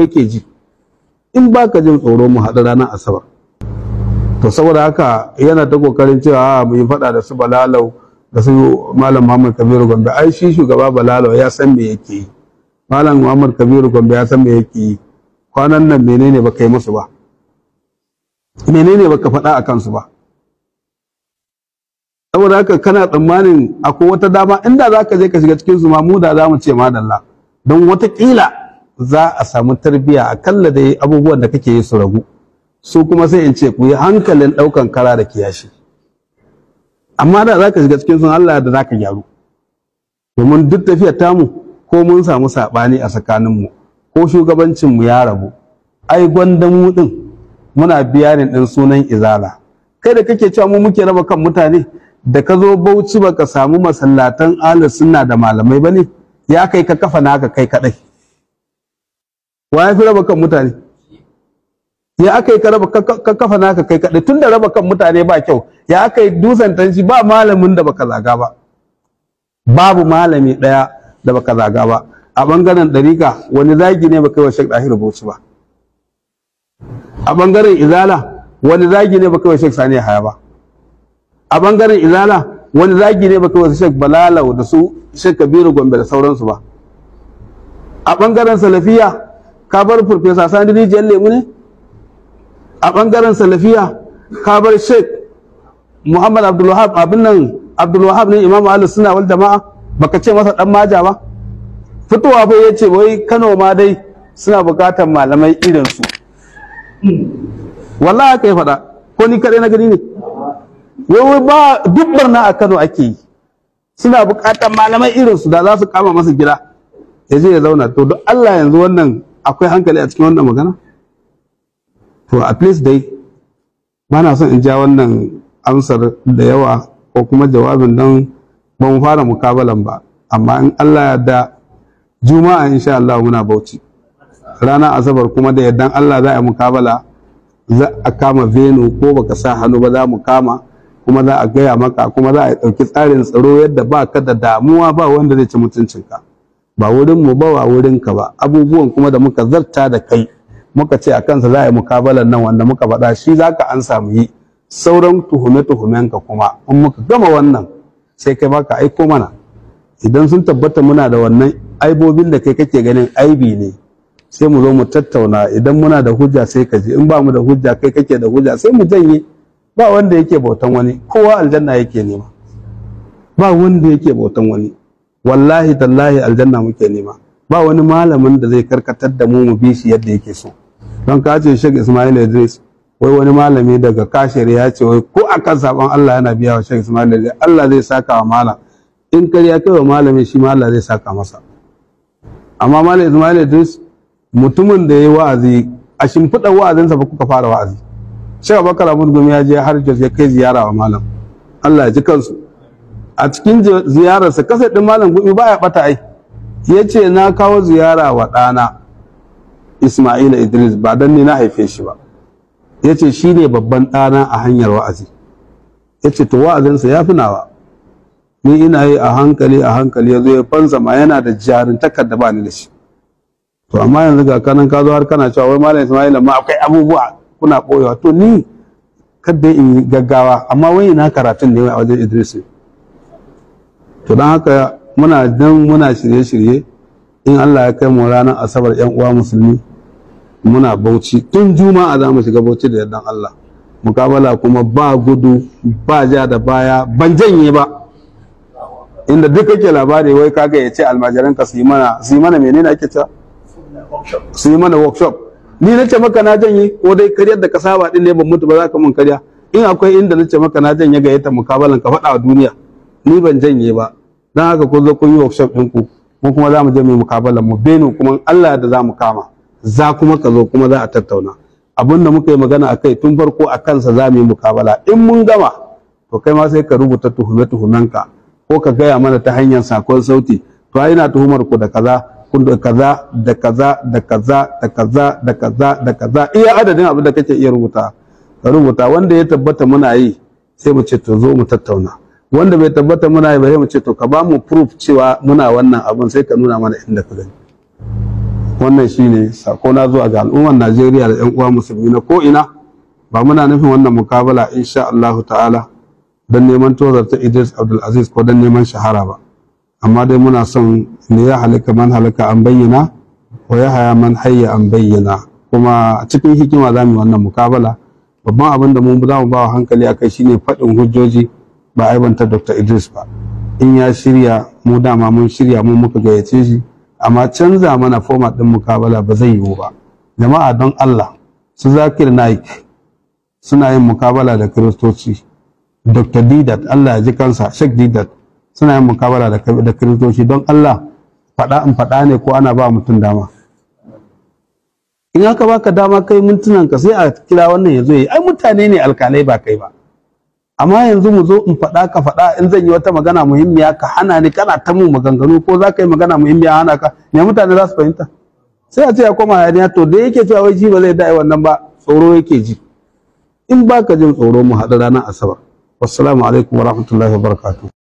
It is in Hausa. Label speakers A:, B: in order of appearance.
A: yake ji in baka jin tsoro mu haɗu ranar asabar to saboda haka yana ta kokarin cewa a mu yi faɗa da su balalau da su malam muhammad kabiru gombe ai shi shugaba balalau ya san me yake yi malam muhammad kabiru gombe ya san me yake yi kwanan nan menene baka yi musu ba menene baka faɗa a kansu ba saboda haka kana tsammanin akwai wata dama inda za ka je ka shiga cikin su ma mu da za mu ce madalla don wata kila. za a samu tarbiya kalla dai abubuwan da kake yi su ragu su kuma sai in ce ku yi hankalin ɗaukan kara da kiyashi amma da za ka shiga cikin sun Allah da za ka gyaru domin duk tafiyar mu, ko mun samu saɓani a tsakaninmu ko shugabancinmu ya rabu ai gwandanmu ɗin muna biya biyanin ɗin sunan izala kai da kake cewa mu muke raba kan mutane da ka zo bauchi baka samu masallatan ahlus sunna da malamai ba ne? ya kai ka kafa naka kai kadai wa ya fi raba kan mutane ya aka yi ka kafa naka kai kaɗai tun da raba kan mutane ba kyau ya aka yi dusan shi ba malamin da baka zaga ba babu malami ɗaya da baka zaga ba a ɓangaren ɗarika wani zagi ne baka yi wa shek ɗahir bauchi ba a ɓangaren izala wani zagi ne baka yi wa shek sani haya ba a ɓangaren izala wani zagi ne baka yi wa shek balalau da su shek kabiru gombe da sauransu ba a ɓangaren salafiya ka bar farfesa sani rijiyar lemu ne a bangaren salafiya ka bar sheik muhammad abdulwahab abin nan abdulwahab ne Imam ali suna wal jama'a baka ce masa dan maja ba fitowa fa ya ce wai kano ma dai suna bukatar malamai irin su wallahi haka faɗa ko ni kaɗai na gani ne wai ba duk barna a kano ake yi suna bukatar malamai irin su da za su kama masa gida ya je ya zauna to duk allah yanzu wannan akwai hankali a cikin wannan magana to at least dai ba na son in ja wannan amsar da yawa ko kuma jawabin don ban fara mukabalan ba amma in Allah ya da juma'a insha Allah muna bauchi Rana asabar kuma da yardan Allah za a mukabala za a kama venu ko baka sa hannu ba za mu kama kuma za a gaya maka kuma za a ɗauki tsarin tsaro yadda ba ka da damuwa ba wanda zai ci mutuncinka ba wurin mu ba ba wurin ka ba abubuwan kuma da muka zarta da kai muka ce a kansa za a yi mukabalan nan wanda muka faɗa shi za ka an samu yi sauran tuhume-tuhumen ka kuma in muka gama wannan sai kai baka aiko mana idan sun tabbata muna da wannan aibobin da kai kake ganin aibi ne sai mu zo mu tattauna idan muna da hujja sai ka ji in ba mu da hujja kai kake da hujja sai mu janye ba wanda yake bautan wani kowa aljanna yake nema ba wanda yake bautan wani wallahi tallahi aljanna muke nema ba wani malamin da zai karkatar da mu mu bi shi yadda yake so don ka ce Sheikh Ismail Idris wai wani malami daga kashir ya ce wai ko akan sabon Allah yana biya wa shek Ismail Idris Allah zai saka wa malam in ya kai wa malami shi ma Allah zai saka masa amma malam Ismail Idris mutumin da ya yi wa'azi a shimfiɗar wa'azinsa ba kuka fara wa'azi shek Abubakar abu Gumi ya je har Jos ya kai ziyara wa malam Allah ya ji kansu a cikin ziyararsa kasa ɗin malam gumi baya ɓata ai ya ce na kawo ziyara wa ɗana ismaila idris ba don ni na haife shi ba ya ce shi ne babban ɗana a hanyar wa'azi ya ce to wa'azinsa ya fi nawa ni ina yi a hankali a hankali ya zo ya fansa ma yana da jarintakar da ba ni da shi to amma yanzu ga kanan ka zo har kana cewa wai malam ismaila ma akwai abubuwa kuna koyawa to ni kada in gaggawa amma wai ina karatun ne a wajen idris ne. to don haka muna dan muna shirye-shirye in Allah ya kai mu ranar asabar yan uwa musulmi muna bauchi tun juma'a za mu shiga bauchi da yardan Allah mukabala kuma ba gudu ba ja da baya ban janye ba inda duk kake labari wai kaga ya ce ka su yi mana su yi mana menene ake ta su yi mana workshop ni na ce maka na janye ko dai kariyar da ka saba din ne ban mutu ba za ka mun kariya in akwai inda na ce maka na janye ga yata mukabalan ka faɗa a duniya ni ban janye ba don haka kun zo kun yi workshop ɗinku mu kuma za mu je mu mukabala mu bene kuma Allah da za mu kama za kuma ka zo kuma za a tattauna abin da muka yi magana a kai tun farko a kansa za mu yi mukabala in mun gama to kai ma sai ka rubuta tuhume-tuhumenka ko ka gaya mana ta hanyar sakon sauti to ai ina tuhumar ku da kaza kun da kaza da kaza da kaza da kaza da kaza da kaza iya adadin abin da kake iya rubuta ka rubuta wanda ya tabbata muna yi sai mu ce to zo mu tattauna wanda bai tabbata muna yi bare mu to ka ba mu proof cewa muna wannan abin sai ka nuna mana inda ka gani wannan shine sako na zuwa ga al'ummar Najeriya da 'yan uwa musulmi na ko ina ba muna nufin wannan mukabala insha Allahu ta'ala dan neman tozarta Idris Abdul Aziz ko dan neman shahara ba amma dai muna son ne ya halaka man halaka an bayyana wa ya haya man hayya an bayyana kuma cikin hikima za mu wannan mukabala babban abin da mu za mu ba hankali akai shine faɗin hujjoji ba aibanta Dr. Idris ba in ya shirya mu dama mun shirya mu muka gayyace shi amma canza mana format din mukabala ba zai yiwu ba jama'a don Allah su Zakir Naik suna yin mukabala da kiristoci Dr. Didat Allah ya ji kansa Sheikh Didat suna yin mukabala da kiristoci don Allah faɗa in faɗa ne ko ana ba mutum dama in haka baka dama kai mintunan ka sai a kira wannan ya zo yi ai mutane ne alkalai ba kai ba amma yanzu mu zo in faɗa ka faɗa in zan yi wata magana muhimmiya ka hana ni kana ta mu maganganu ko za ka yi magana muhimmiya hana ka me mutane za su fahimta sai a ce ya koma hayaniya to da yake cewa wai ji ba zai da'i wannan ba tsoro yake ji in ba ka jin tsoro mu hadu ranar asabar wassalamu alaikum warahmatullahi wabarakatuh